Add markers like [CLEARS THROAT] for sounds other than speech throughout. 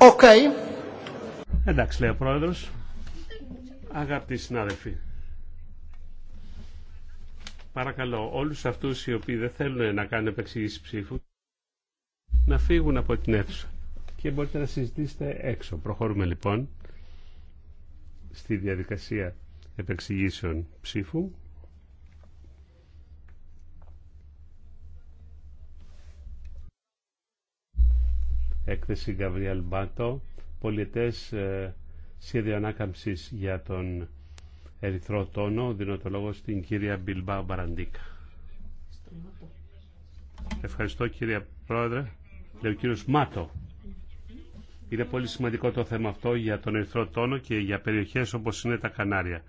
Οκ, Εντάξει, λέει ο πρόεδρος. Αγαπητοί συνάδελφοι, παρακαλώ όλους αυτούς οι οποίοι δεν θέλουν να κάνουν επεξηγήσεις ψήφου να φύγουν από την αίθουσα και μπορείτε να συζητήσετε έξω. Προχωρούμε λοιπόν στη διαδικασία επεξηγήσεων ψήφου. έκθεση Γκαβριέλ Μπάτο, πολιτές ε, σχέδιο ανάκαμψη για τον ερυθρό τόνο. Δίνω το λόγο στην κυρία Μπιλμπά Μπαραντίκα. Ευχαριστώ κύριε Πρόεδρε. Λέω κύριο Μάτο. Είναι πολύ σημαντικό το θέμα αυτό για τον ερυθρό τόνο και για περιοχές όπως είναι τα Κανάρια.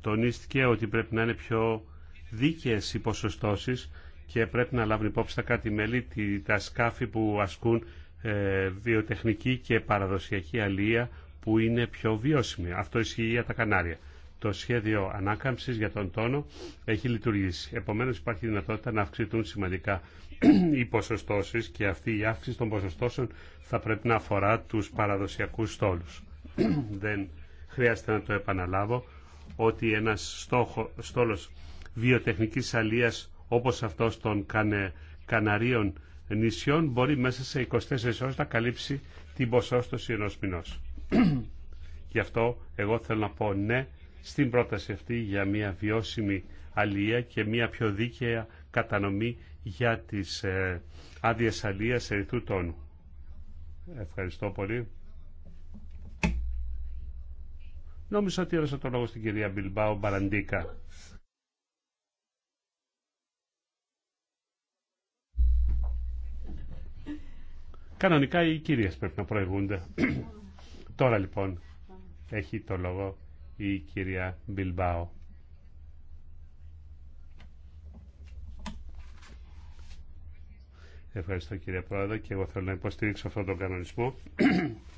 Τονίστηκε ότι πρέπει να είναι πιο δίκαιες οι ποσοστώσεις και πρέπει να λάβουν υπόψη τα κάτι μέλη τα σκάφη που ασκούν ε, βιοτεχνική και παραδοσιακή αλία που είναι πιο βιώσιμη. Αυτό ισχύει για τα Κανάρια. Το σχέδιο ανάκαμψης για τον τόνο έχει λειτουργήσει. Επομένως υπάρχει δυνατότητα να αυξηθούν σημαντικά [CLEARS THROAT] οι ποσοστώσεις και αυτή η αύξηση των ποσοστώσεων θα πρέπει να αφορά τους παραδοσιακούς στόλους. [CLEARS THROAT] Δεν χρειάζεται να το επαναλάβω ότι ένας στόχο, στόλος βιοτεχνικής αλίας όπως αυτός των κανε, Καναρίων νησιών μπορεί μέσα σε 24 ώρες να καλύψει την ποσόστοση ενός μηνός. Γι' αυτό εγώ θέλω να πω ναι στην πρόταση αυτή για μια βιώσιμη αλία και μια πιο δίκαια κατανομή για τις ε, άδειες αλίας τόνου. Ευχαριστώ πολύ. Νόμιζα ότι έδωσα το λόγο στην κυρία Μπιλμπάου Μπαραντίκα. Κανονικά οι κυρίες πρέπει να προηγούνται. [CLEARS THROAT] Τώρα λοιπόν έχει το λόγο η κυρία Μπιλμπάο. Ευχαριστώ κύριε Πρόεδρε και εγώ θέλω να υποστηρίξω αυτόν τον κανονισμό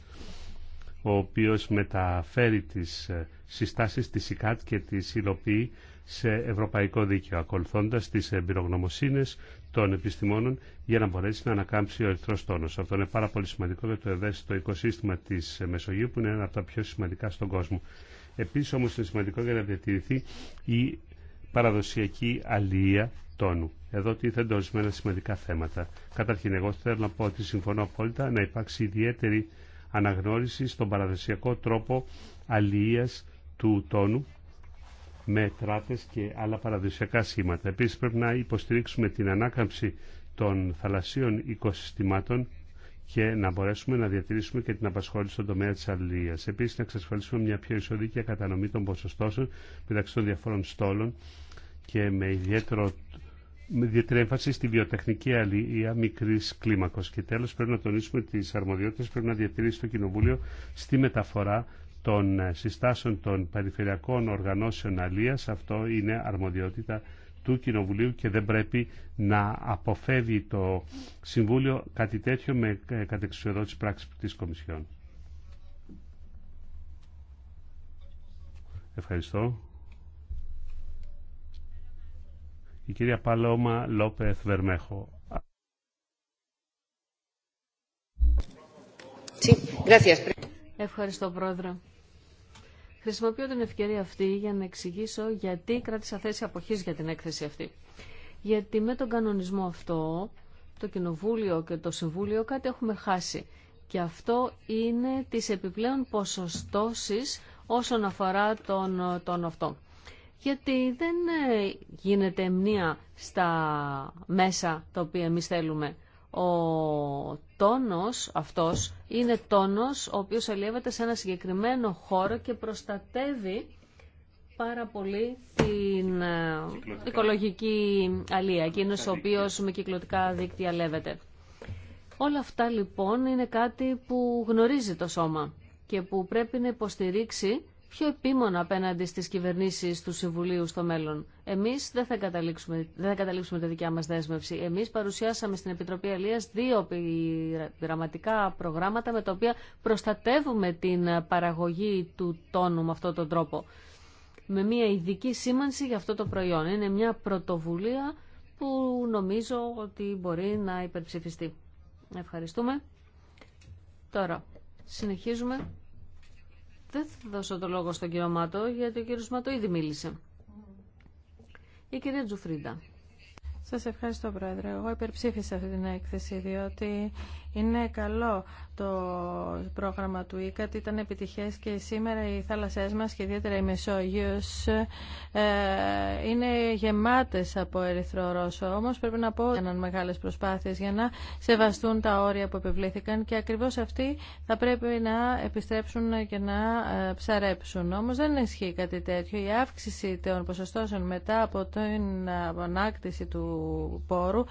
[CLEARS THROAT] ο οποίος μεταφέρει τις ε, συστάσεις της ΙΚΑΤ και τις υλοποιεί σε ευρωπαϊκό δίκαιο, ακολουθώντας τις εμπειρογνωμοσύνες των επιστημόνων για να μπορέσει να ανακάμψει ο ερυθρό τόνο. Αυτό είναι πάρα πολύ σημαντικό για το ευαίσθητο οικοσύστημα τη Μεσογείου, που είναι ένα από τα πιο σημαντικά στον κόσμο. Επίση, όμω, είναι σημαντικό για να διατηρηθεί η παραδοσιακή αλληλεία τόνου. Εδώ τίθενται ορισμένα σημαντικά θέματα. Καταρχήν, εγώ θέλω να πω ότι συμφωνώ απόλυτα να υπάρξει ιδιαίτερη αναγνώριση στον παραδοσιακό τρόπο αλληλεία του τόνου με τράτες και άλλα παραδοσιακά σχήματα. Επίση πρέπει να υποστηρίξουμε την ανάκαμψη των θαλασσίων οικοσυστημάτων και να μπορέσουμε να διατηρήσουμε και την απασχόληση στον τομέα τη αλληλεία. Επίση, να εξασφαλίσουμε μια πιο ισοδίκια κατανομή των ποσοστώσεων μεταξύ των διαφόρων στόλων και με ιδιαίτερο με ιδιαίτερη έμφαση στη βιοτεχνική αλληλεία μικρή κλίμακο. Και τέλο, πρέπει να τονίσουμε τι αρμοδιότητε που πρέπει να διατηρήσει το Κοινοβούλιο στη μεταφορά των ε, συστάσεων των περιφερειακών οργανώσεων αλίας. Αυτό είναι αρμοδιότητα του Κοινοβουλίου και δεν πρέπει να αποφεύγει το Συμβούλιο κάτι τέτοιο με ε, κατεξουσιοδότηση πράξη της Κομισιόν. Ευχαριστώ. Η κυρία Παλώμα Λόπεθ Βερμέχο. Ευχαριστώ, Πρόεδρε. Χρησιμοποιώ την ευκαιρία αυτή για να εξηγήσω γιατί κράτησα θέση αποχής για την έκθεση αυτή. Γιατί με τον κανονισμό αυτό, το Κοινοβούλιο και το Συμβούλιο κάτι έχουμε χάσει. Και αυτό είναι τις επιπλέον ποσοστώσεις όσον αφορά τον, τον αυτό. Γιατί δεν ε, γίνεται μνήα στα μέσα τα οποία εμείς θέλουμε. Ο τόνος αυτός είναι τόνος ο οποίος αλλιεύεται σε ένα συγκεκριμένο χώρο και προστατεύει πάρα πολύ την ε, οικολογική αλία, εκείνο ο οποίο με κυκλωτικά δίκτυα λέβεται. Όλα αυτά λοιπόν είναι κάτι που γνωρίζει το σώμα και που πρέπει να υποστηρίξει πιο επίμονα απέναντι στις κυβερνήσεις του Συμβουλίου στο μέλλον. Εμείς δεν θα καταλήξουμε, δεν θα καταλήξουμε τη δικιά μας δέσμευση. Εμείς παρουσιάσαμε στην Επιτροπή Αλίας δύο πειραματικά προγράμματα με τα οποία προστατεύουμε την παραγωγή του τόνου με αυτόν τον τρόπο. Με μια ειδική σήμανση για αυτό το προϊόν. Είναι μια πρωτοβουλία που νομίζω ότι μπορεί να υπερψηφιστεί. Ευχαριστούμε. Τώρα, συνεχίζουμε. Δεν θα δώσω το λόγο στον κύριο Μάτο, γιατί ο κύριος Μάτο ήδη μίλησε. Η κυρία Τζουφρίντα. Σας ευχαριστώ, Πρόεδρε. Εγώ υπερψήφισα αυτή την έκθεση, διότι είναι καλό το πρόγραμμα του ΙΚΑΤ, ήταν επιτυχές και σήμερα οι θάλασσές μας και ιδιαίτερα η Μεσόγειος ε, είναι γεμάτες από ερυθρό Ρώσο. Όμως πρέπει να πω ότι έκαναν μεγάλες προσπάθειες για να σεβαστούν τα όρια που επιβλήθηκαν και ακριβώς αυτοί θα πρέπει να επιστρέψουν και να ε, ψαρέψουν. Όμως δεν ισχύει κάτι τέτοιο. Η αύξηση των ποσοστώσεων μετά από την ανάκτηση του πόρου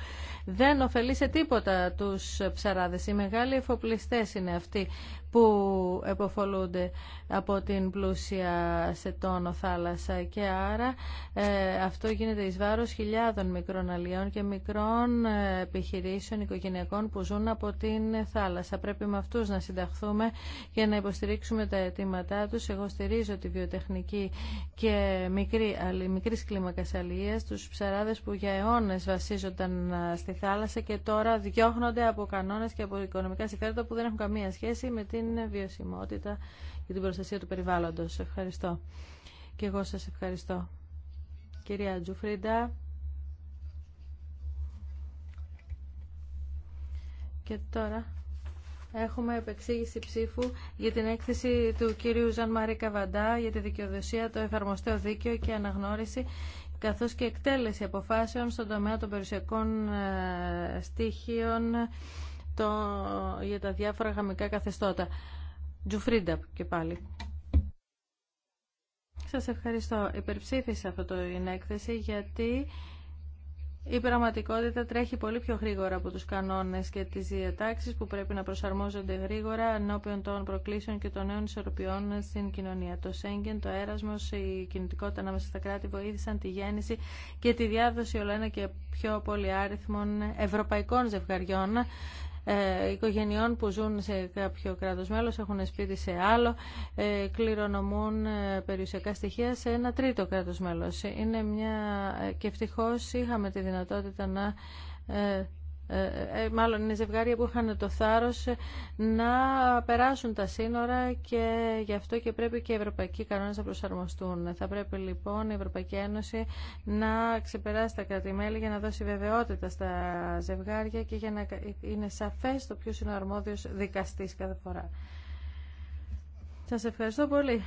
δεν ωφελεί σε τίποτα τους ψαράδες ομάδες. Οι μεγάλοι εφοπλιστές είναι αυτοί που εποφολούνται από την πλούσια σε τόνο θάλασσα και άρα ε, αυτό γίνεται εις βάρος χιλιάδων μικρών αλλιών και μικρών ε, επιχειρήσεων οικογενειακών που ζουν από την θάλασσα. Πρέπει με αυτούς να συνταχθούμε και να υποστηρίξουμε τα αιτήματά τους. Εγώ στηρίζω τη βιοτεχνική και μικρή, μικρής κλίμακας αλληλείας, τους ψαράδες που για αιώνες βασίζονταν ε, στη θάλασσα και τώρα διώχνονται από κανόνες και από οικονομικά συμφέροντα που δεν έχουν καμία σχέση με την την βιωσιμότητα και την προστασία του περιβάλλοντος. Ευχαριστώ. Και εγώ σας ευχαριστώ. Κυρία Τζουφρίντα. Και τώρα έχουμε επεξήγηση ψήφου για την έκθεση του κύριου Ζαν Μαρή Καβαντά για τη δικαιοδοσία, το εφαρμοστέο δίκαιο και αναγνώριση καθώς και εκτέλεση αποφάσεων στον τομέα των περιουσιακών ε, στοιχείων το, για τα διάφορα γαμικά καθεστώτα. Τζουφρίντα και πάλι. Σας ευχαριστώ. Υπερψήφισα αυτό το έκθεση γιατί η πραγματικότητα τρέχει πολύ πιο γρήγορα από τους κανόνες και τις διατάξεις που πρέπει να προσαρμόζονται γρήγορα ενώπιον των προκλήσεων και των νέων ισορροπιών στην κοινωνία. Το Σέγγεν, το Έρασμος, η κινητικότητα ανάμεσα στα κράτη βοήθησαν τη γέννηση και τη διάδοση όλο ένα και πιο πολυάριθμων ευρωπαϊκών ζευγαριών ε, οικογενειών που ζουν σε κάποιο κράτος μέλος, έχουν σπίτι σε άλλο, ε, κληρονομούν ε, περιουσιακά στοιχεία σε ένα τρίτο κράτος μέλος. Είναι μια... Και ευτυχώς είχαμε τη δυνατότητα να ε, ε, ε, μάλλον είναι ζευγάρια που είχαν το θάρρος να περάσουν τα σύνορα και γι' αυτό και πρέπει και οι ευρωπαϊκοί κανόνες να προσαρμοστούν. Θα πρέπει λοιπόν η Ευρωπαϊκή Ένωση να ξεπεράσει τα κρατημέλη για να δώσει βεβαιότητα στα ζευγάρια και για να είναι σαφές το ποιος είναι ο αρμόδιος δικαστής κάθε φορά. Σας ευχαριστώ πολύ.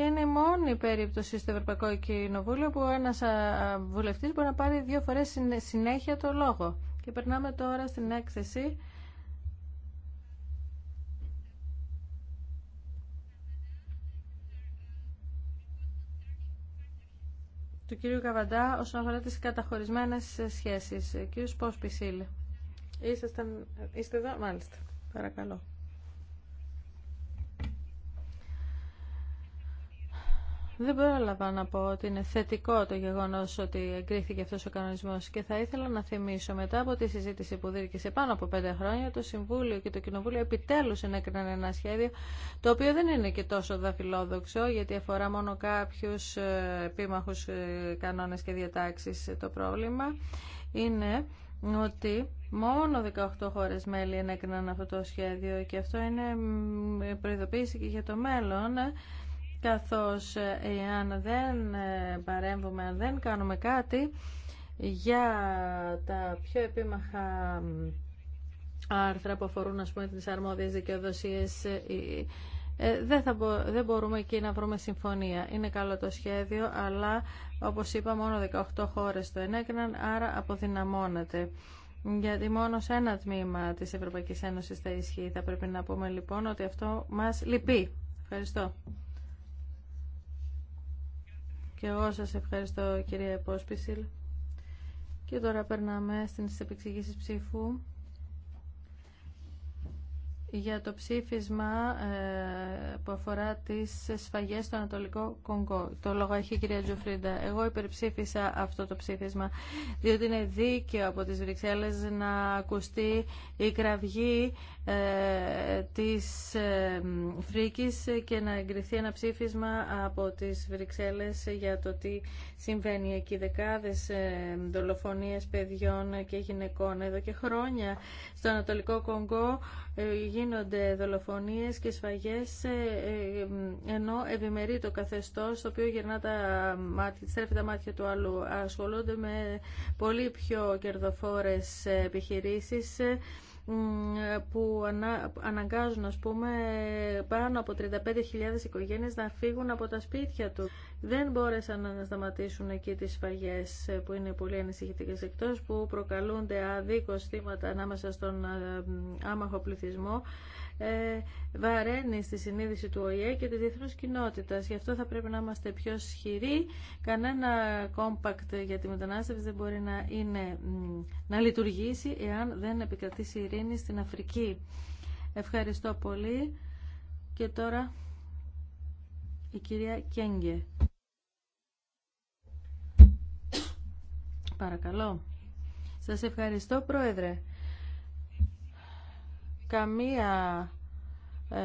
Και είναι η μόνη περίπτωση στο Ευρωπαϊκό Κοινοβούλιο που ένα βουλευτή μπορεί να πάρει δύο φορέ συνέχεια το λόγο. Και περνάμε τώρα στην έκθεση. του κύριου Καβαντά όσον αφορά τις καταχωρισμένες σχέσεις. Ε, κύριος Πόσπισίλ. Είστε εδώ, μάλιστα. Παρακαλώ. Δεν πρόλαβα να πω ότι είναι θετικό το γεγονό ότι εγκρίθηκε αυτό ο κανονισμό. και θα ήθελα να θυμίσω μετά από τη συζήτηση που δίρκησε πάνω από πέντε χρόνια το Συμβούλιο και το Κοινοβούλιο επιτέλου ενέκριναν ένα σχέδιο το οποίο δεν είναι και τόσο δαφιλόδοξο γιατί αφορά μόνο κάποιου ε, επιμαχου ε, κανόνε και διατάξει ε, το πρόβλημα είναι ότι μόνο 18 χώρες μέλη ενέκριναν αυτό το σχέδιο και αυτό είναι προειδοποίηση και για το μέλλον καθώς ε, εάν δεν ε, παρέμβουμε, αν δεν κάνουμε κάτι για τα πιο επίμαχα άρθρα που αφορούν ας πούμε τις αρμόδιες δικαιοδοσίες ε, δεν, θα δεν μπορούμε εκεί να βρούμε συμφωνία. Είναι καλό το σχέδιο, αλλά όπως είπα μόνο 18 χώρες το ενέκριναν, άρα αποδυναμώνεται. Γιατί μόνο σε ένα τμήμα της Ευρωπαϊκής Ένωσης θα ισχύει. Θα πρέπει να πούμε λοιπόν ότι αυτό μας λυπεί. Ευχαριστώ. Και εγώ σας ευχαριστώ κυρία Πόσπισιλ. Και τώρα περνάμε στις επεξηγήσεις ψήφου για το ψήφισμα ε, που αφορά τις σφαγές στο Ανατολικό Κονγκό. Το λόγο έχει η κυρία Τζουφρίντα. Εγώ υπερψήφισα αυτό το ψήφισμα, διότι είναι δίκαιο από τις Βρυξέλλες να ακουστεί η κραυγή ε, της ε, Φρίκης και να εγκριθεί ένα ψήφισμα από τις Βρυξέλλες για το τι συμβαίνει εκεί. Δεκάδες δολοφονίες παιδιών και γυναικών εδώ και χρόνια στο Ανατολικό Κονγκό γίνονται δολοφονίες και σφαγές ε, ενώ ευημερεί το καθεστώς το οποίο γυρνά τα μάτια, στρέφει τα μάτια του άλλου. Ασχολούνται με πολύ πιο κερδοφόρες επιχειρήσεις ε, που αναγκάζουν ας πούμε πάνω από 35.000 οικογένειες να φύγουν από τα σπίτια του δεν μπόρεσαν να σταματήσουν εκεί τις σφαγές ε, που είναι πολύ ανησυχητικές εκτός που προκαλούνται αδίκως θύματα ανάμεσα στον ε, άμαχο πληθυσμό ε, βαραίνει στη συνείδηση του ΟΗΕ και τη διεθνούς κοινότητας. Γι' αυτό θα πρέπει να είμαστε πιο ισχυροί. Κανένα κόμπακτ για τη μετανάστευση δεν μπορεί να, είναι, να λειτουργήσει εάν δεν επικρατήσει ειρήνη στην Αφρική. Ευχαριστώ πολύ. Και τώρα η κυρία Κέγγε. Παρακαλώ. Σας ευχαριστώ, Πρόεδρε. Καμία ε,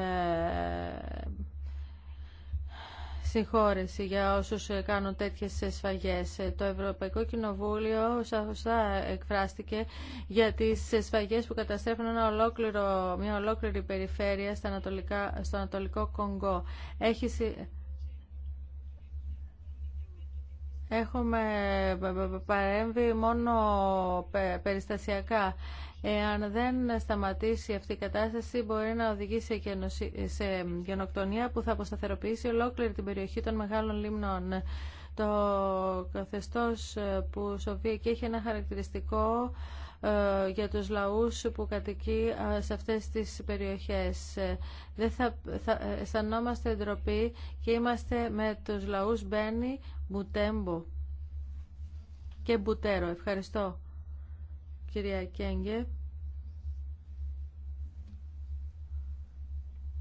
συγχώρεση για όσους κάνουν τέτοιες σφαγές. Το Ευρωπαϊκό Κοινοβούλιο σαφωστά εκφράστηκε για τις σφαγές που καταστρέφουν ένα ολόκληρο, μια ολόκληρη περιφέρεια στο Ανατολικό Κονγκό. Έχει Έχουμε ε, ε, ε, παρέμβει μόνο περιστασιακά. Εάν δεν σταματήσει αυτή η κατάσταση, μπορεί να οδηγήσει σε γενοκτονία που θα αποσταθεροποιήσει ολόκληρη την περιοχή των μεγάλων λιμνών. Το καθεστώς που σοβεί και έχει ένα χαρακτηριστικό ε, για τους λαούς που κατοικεί ε, σε αυτές τις περιοχές. Ε, δεν θα, θα αισθανόμαστε ντροπή και είμαστε με τους λαούς Μπένι, Μπουτέμπο και Μπουτέρο. Ευχαριστώ κυρία Κέγγε.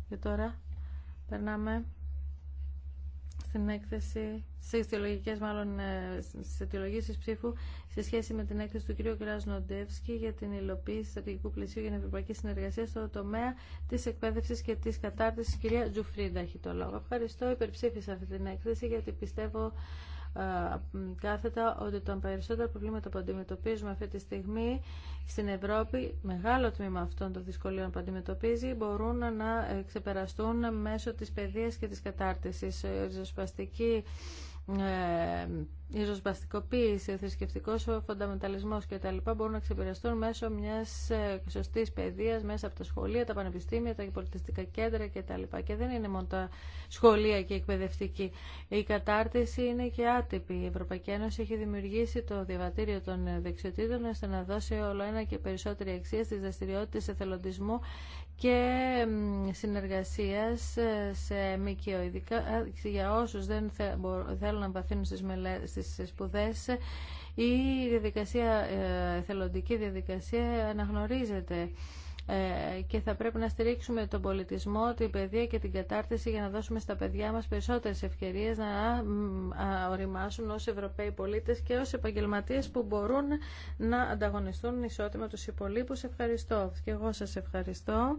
Και τώρα περνάμε στην έκθεση σε αιτιολογικέ μάλλον ε, σε τη ψήφου σε σχέση με την έκθεση του κ. Κράσνοντεύσκη για την υλοποίηση στρατηγικού πλαισίου για την ευρωπαϊκή συνεργασία στο τομέα τη εκπαίδευση και της κατάρτισης. Κυρία Τζουφρίντα έχει το λόγο. Ευχαριστώ. Υπερψήφισα αυτή την έκθεση γιατί πιστεύω ε, κάθετα ότι τα περισσότερα προβλήματα που αντιμετωπίζουμε αυτή τη στιγμή στην Ευρώπη, μεγάλο τμήμα αυτών των δυσκολίων που αντιμετωπίζει, μπορούν να ε, ξεπεραστούν μέσω της παιδείας και της κατάρτιση. ριζοσπαστική η ε, ριζοσπαστικοποίηση, ο θρησκευτικό τα κτλ. μπορούν να ξεπεραστούν μέσω μια ε, σωστή παιδεία, μέσα από τα σχολεία, τα πανεπιστήμια, τα πολιτιστικά κέντρα κτλ. Και δεν είναι μόνο τα σχολεία και εκπαιδευτική. Η κατάρτιση είναι και άτυπη. Η Ευρωπαϊκή Ένωση έχει δημιουργήσει το διαβατήριο των δεξιοτήτων ώστε να δώσει όλο ένα και περισσότερη αξία στι δραστηριότητε εθελοντισμού και συνεργασίας ε, σε ΜΚΟ. Ειδικά ε, για όσους δεν θέλουν να βαθύνουν στις, μελέ, στις σπουδές, η διαδικασία, ε, θελοντική διαδικασία αναγνωρίζεται ε, και θα πρέπει να στηρίξουμε τον πολιτισμό, την παιδεία και την κατάρτιση για να δώσουμε στα παιδιά μας περισσότερες ευκαιρίες να οριμάσουν ως Ευρωπαίοι πολίτες και ως επαγγελματίες που μπορούν να ανταγωνιστούν ισότιμα τους υπολείπους. Ευχαριστώ και εγώ σας ευχαριστώ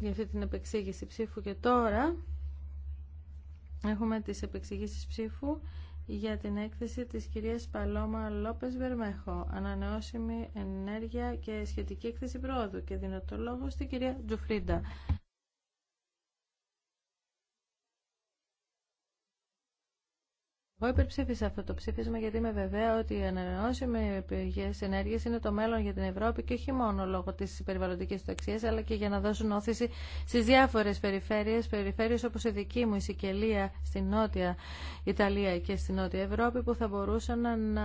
για αυτή την επεξήγηση ψήφου και τώρα έχουμε τις επεξηγήσεις ψήφου για την έκθεση της κυρίας Παλώμα Λόπες Βερμέχο, ανανεώσιμη ενέργεια και σχετική έκθεση πρόοδου και δίνω το λόγο στην κυρία Τζουφρίντα. Εγώ υπερψήφισα αυτό το ψήφισμα γιατί είμαι βεβαία ότι οι ανανεώσιμε πηγέ ενέργεια είναι το μέλλον για την Ευρώπη και όχι μόνο λόγω τη περιβαλλοντική του αλλά και για να δώσουν όθηση στι διάφορε περιφέρειε, περιφέρειε όπω η δική μου, η Σικελία, στην Νότια Ιταλία και στην Νότια Ευρώπη, που θα μπορούσαν να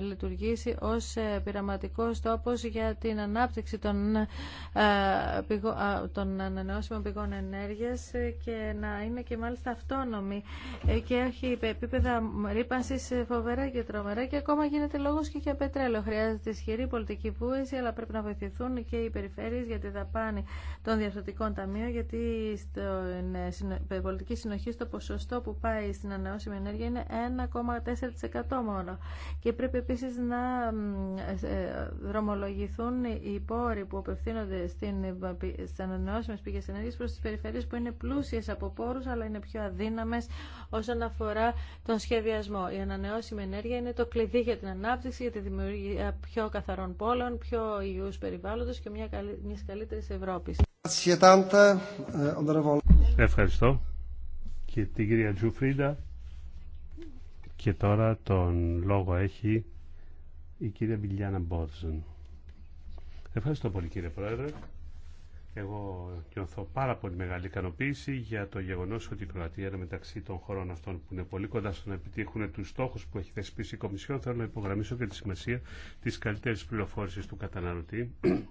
λειτουργήσει ω ε, πειραματικό τόπο για την ανάπτυξη των, των ανανεώσιμων πηγών ενέργεια ε, και να είναι και μάλιστα αυτόνομη ε, και όχι επίπεδα ρήπανση ε, φοβερά και τρομερά και ακόμα γίνεται λόγο και για πετρέλαιο. Χρειάζεται ισχυρή πολιτική βούληση, αλλά πρέπει να βοηθηθούν και οι περιφέρειε για τη δαπάνη των διαφθορτικών ταμείων, γιατί στην ε, ε, πολιτική συνοχή στο ποσοστό που πάει στην ανανεώσιμη ενέργεια είναι 1,4% μόνο. Και πρέπει επίση να δρομολογηθούν οι πόροι που απευθύνονται στι ανανεώσιμε πηγέ ενέργεια προ τι περιφέρειε που είναι πλούσιε από πόρου, αλλά είναι πιο αδύναμε όσον αφορά τον σχεδιασμό. Η ανανεώσιμη ενέργεια είναι το κλειδί για την ανάπτυξη, για τη δημιουργία πιο καθαρών πόλεων, πιο υγιούς περιβάλλοντος και μια καλύ... μιας καλύτερης Ευχαριστώ και την κυρία Τζουφρίντα. Και τώρα τον λόγο έχει η κυρία Μπιλιάνα Μπόρζεν. Ευχαριστώ πολύ κύριε Πρόεδρε. Εγώ νιώθω πάρα πολύ μεγάλη ικανοποίηση για το γεγονό ότι η Κροατία είναι μεταξύ των χωρών αυτών που είναι πολύ κοντά στο να επιτύχουν του στόχου που έχει θεσπίσει η Κομισιόν. Θέλω να υπογραμμίσω και τη σημασία τη καλύτερη πληροφόρηση του καταναλωτή [CLEARS THROAT]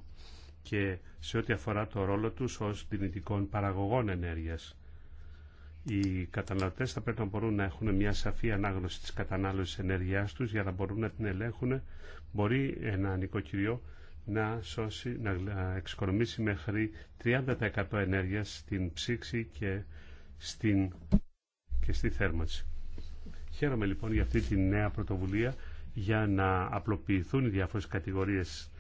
και σε ό,τι αφορά το ρόλο του ω δυνητικών παραγωγών ενέργεια. Οι καταναλωτέ θα πρέπει να μπορούν να έχουν μια σαφή ανάγνωση τη κατανάλωση ενέργειά του για να μπορούν να την ελέγχουν. Μπορεί ένα νοικοκυριό να, σώσει, να εξοικονομήσει μέχρι 30% ενέργειας στην ψήξη και, στην, και στη θέρμανση. Χαίρομαι λοιπόν για αυτή τη νέα πρωτοβουλία για να απλοποιηθούν οι διάφορες κατηγορίες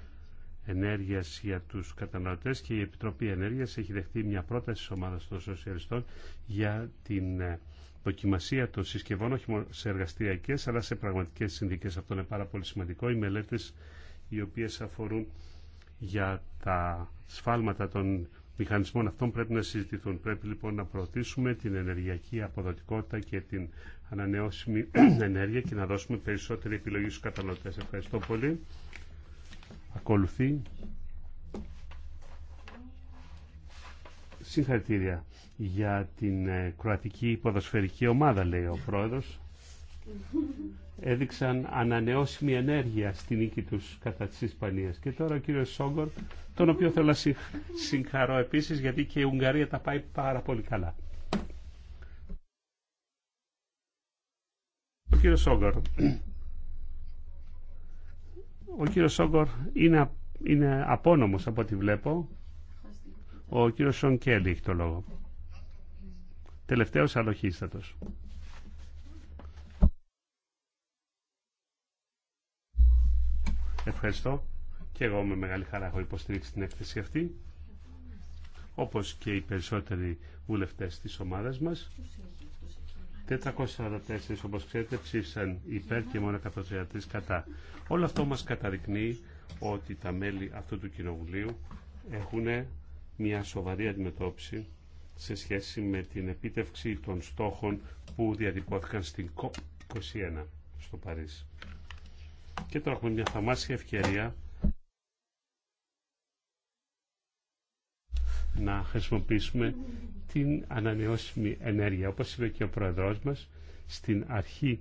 ενέργειας για τους καταναλωτές και η Επιτροπή Ενέργειας έχει δεχτεί μια πρόταση της ομάδας των σοσιαλιστών για την ε, δοκιμασία των συσκευών όχι μόνο σε εργαστηριακές αλλά σε πραγματικές συνδίκες. Αυτό είναι πάρα πολύ σημαντικό. Οι μελέτες οι οποίες αφορούν για τα σφάλματα των μηχανισμών αυτών πρέπει να συζητηθούν. Πρέπει λοιπόν να προωθήσουμε την ενεργειακή αποδοτικότητα και την ανανεώσιμη [CLEARS THROAT] ενέργεια και να δώσουμε περισσότερη επιλογή στους καταναλωτές. Ευχαριστώ πολύ. Ακολουθεί. Συγχαρητήρια για την ε, κροατική ποδοσφαιρική ομάδα, λέει ο πρόεδρος έδειξαν ανανεώσιμη ενέργεια στη νίκη τους κατά της Ισπανίας. Και τώρα ο κύριος Σόγκορ, τον οποίο θέλω να συγχαρώ επίσης, γιατί και η Ουγγαρία τα πάει πάρα πολύ καλά. Ο κύριος Σόγκορ. Ο κύριος Σόγκορ είναι, είναι απόνομος από ό,τι βλέπω. Ο κύριος Σον Κέλλη έχει το λόγο. Τελευταίος αλλοχίστατος. ευχαριστώ. Και εγώ με μεγάλη χαρά έχω υποστηρίξει την έκθεση αυτή, όπως και οι περισσότεροι βουλευτές της ομάδας μας. 444, όπως ξέρετε, ψήφισαν υπέρ και μόνο 133 κατά. Όλο αυτό μας καταδεικνύει ότι τα μέλη αυτού του Κοινοβουλίου έχουν μια σοβαρή αντιμετώπιση σε σχέση με την επίτευξη των στόχων που διατυπώθηκαν στην COP21 στο Παρίσι. Και τώρα έχουμε μια θαμάσια ευκαιρία να χρησιμοποιήσουμε την ανανεώσιμη ενέργεια. Όπως είπε και ο Πρόεδρός μας, στην αρχή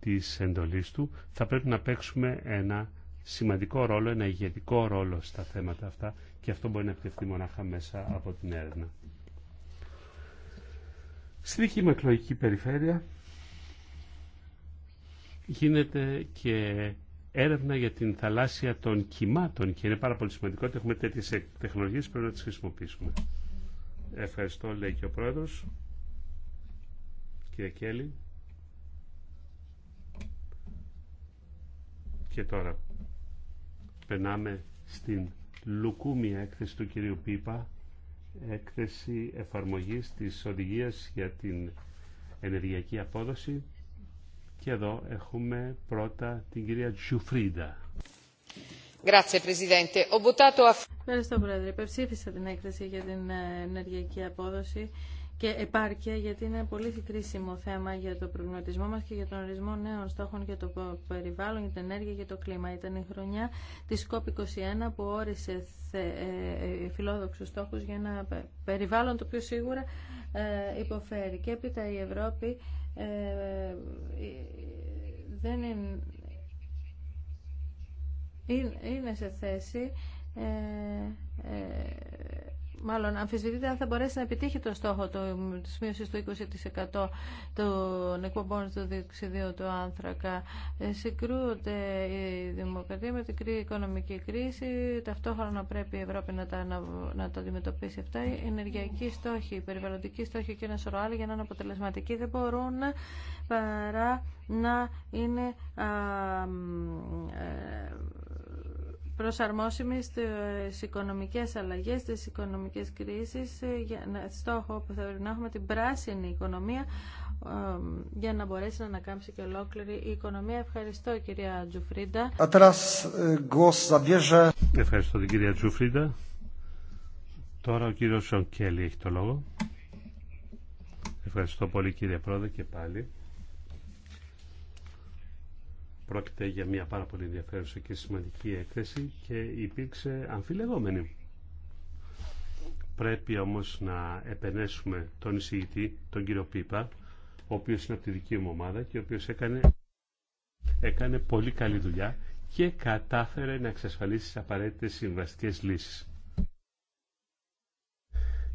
της εντολής του θα πρέπει να παίξουμε ένα σημαντικό ρόλο, ένα ηγετικό ρόλο στα θέματα αυτά και αυτό μπορεί να επιτευχθεί μονάχα μέσα από την έρευνα. Στη δική μου εκλογική περιφέρεια γίνεται και έρευνα για την θαλάσσια των κυμάτων και είναι πάρα πολύ σημαντικό ότι έχουμε τέτοιες τεχνολογίες πρέπει να τι χρησιμοποιήσουμε. Ευχαριστώ, λέει και ο πρόεδρο Κύριε Κέλλη. Και τώρα περνάμε στην λουκούμια έκθεση του κυρίου Πίπα, έκθεση εφαρμογής της οδηγίας για την ενεργειακή απόδοση. Και εδώ έχουμε πρώτα την κυρία Τζουφρίντα. Ευχαριστώ, Πρόεδρε. Υπερψήφισα την έκθεση για την ε, ενεργειακή απόδοση και επάρκεια, γιατί είναι πολύ κρίσιμο θέμα για το προβληματισμό μας και για τον ορισμό νέων στόχων για το περιβάλλον, για την ενέργεια και το κλίμα. Ήταν η χρονιά της COP21 που όρισε ε, ε, φιλόδοξους στόχους για ένα περιβάλλον το οποίο σίγουρα υποφέρει. Και έπειτα η Ευρώπη ε, ε, δεν είναι, είναι σε θέση ε, μάλλον αμφισβητείτε αν θα μπορέσει να επιτύχει το στόχο της μείωσης του 20% των εκπομπών του διοξιδίου του άνθρακα. Ε, συγκρούονται η δημοκρατία με την οικονομική κρίση. Ταυτόχρονα πρέπει η Ευρώπη να τα, να, να τα αντιμετωπίσει αυτά. Οι ενεργειακοί στόχοι, οι περιβαλλοντικοί στόχοι και ένα σωρό άλλοι για να είναι αποτελεσματικοί δεν μπορούν παρά να είναι α, ε, προσαρμόσιμη στις οικονομικές αλλαγές, στις οικονομικές κρίσεις, ε, για να, στόχο που θεωρεί να έχουμε την πράσινη οικονομία ε, για να μπορέσει να ανακάμψει και ολόκληρη η οικονομία. Ευχαριστώ κυρία Τζουφρίντα. Ε, Ευχαριστώ την κυρία Τζουφρίντα. Τώρα ο κύριος Σον Κέλλη έχει το λόγο. Ευχαριστώ πολύ κύριε Πρόεδρε και πάλι. Πρόκειται για μια πάρα πολύ ενδιαφέρουσα και σημαντική έκθεση και υπήρξε αμφιλεγόμενη. Πρέπει όμως να επενέσουμε τον εισηγητή, τον κύριο Πίπα, ο οποίος είναι από τη δική μου ομάδα και ο οποίος έκανε, έκανε πολύ καλή δουλειά και κατάφερε να εξασφαλίσει τις απαραίτητες συμβαστικές λύσεις.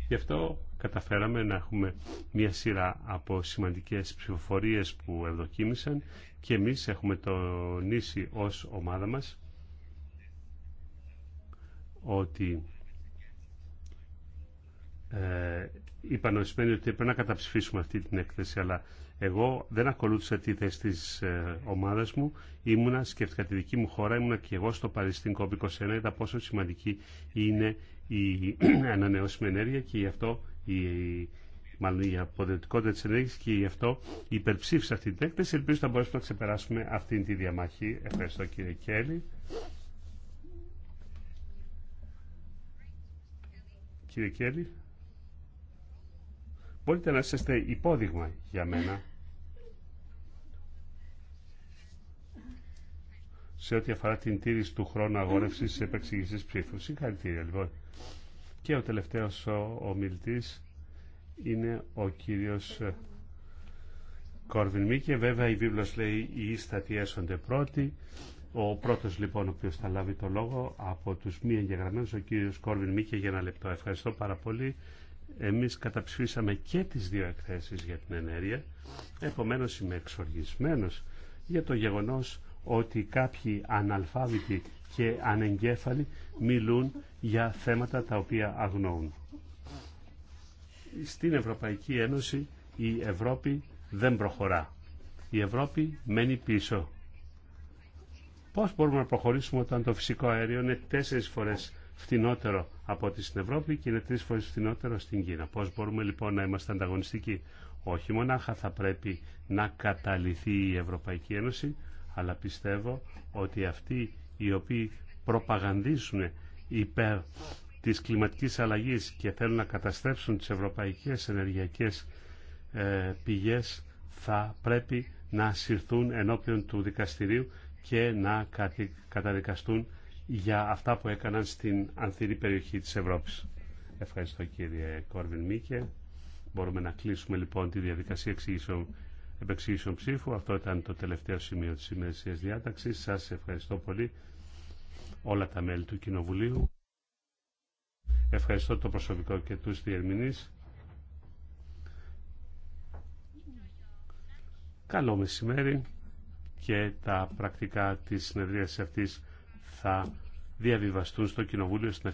Γι' αυτό καταφέραμε να έχουμε μια σειρά από σημαντικές ψηφοφορίες που ευδοκίμησαν και εμείς έχουμε τονίσει ως ομάδα μας ότι ε, είπαν ορισμένοι ότι πρέπει να καταψηφίσουμε αυτή την έκθεση, αλλά εγώ δεν ακολούθησα τη θέση της ε, ομάδας μου. Ήμουνα, σκέφτηκα τη δική μου χώρα, ήμουνα και εγώ στο Παριστίν COP21, είδα πόσο σημαντική είναι η [CLEARS THROAT] ανανεώσιμη ενέργεια και γι' αυτό η, μάλλον η αποδοτικότητα της ενέργειας και γι' αυτό υπερψήφισα αυτή την έκθεση. Ελπίζω να μπορέσουμε να ξεπεράσουμε αυτή τη διαμάχη. Ευχαριστώ κύριε Κέλλη. Κύριε Κέλλη, μπορείτε να είστε υπόδειγμα για μένα σε ό,τι αφορά την τήρηση του χρόνου αγόρευσης σε επεξηγήσεις ψήφου. Συγχαρητήρια λοιπόν. Και ο τελευταίος ο, ομιλητής είναι ο κύριος ε, Κόρβιν Μίκε. Βέβαια η βίβλος λέει «Οι ίστατοι έσονται πρώτοι». Ο πρώτος λοιπόν ο οποίος θα λάβει το λόγο από τους μη εγγεγραμμένους, ο κύριος Κόρβιν Μίκε για ένα λεπτό. Ευχαριστώ πάρα πολύ. Εμείς καταψηφίσαμε και τις δύο εκθέσεις για την ενέργεια. Επομένως είμαι εξοργισμένος για το γεγονός ότι κάποιοι αναλφάβητοι και ανεγκέφαλοι μιλούν για θέματα τα οποία αγνοούν. Στην Ευρωπαϊκή Ένωση η Ευρώπη δεν προχωρά. Η Ευρώπη μένει πίσω. Πώς μπορούμε να προχωρήσουμε όταν το φυσικό αέριο είναι τέσσερις φορές φτηνότερο από ό,τι στην Ευρώπη και είναι τρεις φορές φθηνότερο στην Κίνα. Πώς μπορούμε λοιπόν να είμαστε ανταγωνιστικοί. Όχι μονάχα θα πρέπει να καταληθεί η Ευρωπαϊκή Ένωση, αλλά πιστεύω ότι αυτή οι οποίοι προπαγανδίζουν υπέρ της κλιματικής αλλαγής και θέλουν να καταστρέψουν τις ευρωπαϊκές ενεργειακές ε, πηγές θα πρέπει να συρθούν ενώπιον του δικαστηρίου και να καταδικαστούν για αυτά που έκαναν στην ανθυρή περιοχή της Ευρώπης. Ευχαριστώ κύριε Κόρβιν Μίκε. Μπορούμε να κλείσουμε λοιπόν τη διαδικασία εξήγησεων επεξηγήσεων ψήφου. Αυτό ήταν το τελευταίο σημείο της ημερησίας διάταξης. Σας ευχαριστώ πολύ όλα τα μέλη του Κοινοβουλίου. Ευχαριστώ το προσωπικό και τους διερμηνείς. Καλό μεσημέρι και τα πρακτικά της συνεδρίας αυτής θα διαβιβαστούν στο Κοινοβούλιο στην